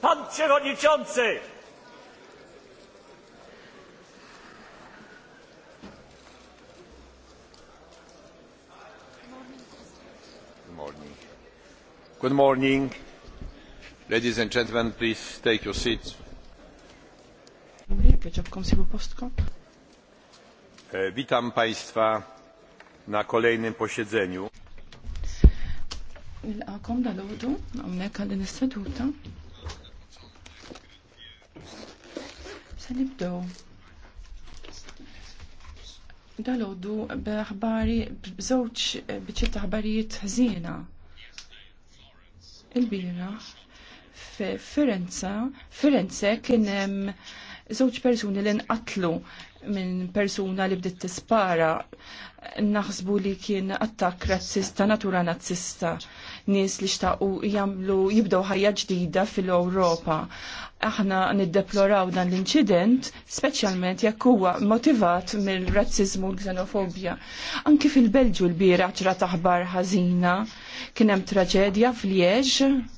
Pan Przewodniczący! Good morning. Good morning. Ladies and gentlemen, please take your seats. E, witam Państwa na kolejnym posiedzeniu. Se nibdew. Dalodu b'aħbari b'żewġ biċċiet aħbarijiet ħżiena. Il-bira Firenza, Firenze kien hemm żewġ persuni li nqatlu minn persuna li bdiet tispara naħsbu li kien attakk razzista, natura nazzista nies li xtaqu jagħmlu jibdew ħajja ġdida fil-Ewropa. Aħna niddeploraw dan l-inċident, speċjalment jekk huwa motivat mill razzizmu u xenofobja. Anki fil-Belġu l-bira ċra taħbar ħażina kien hemm traġedja f'Liex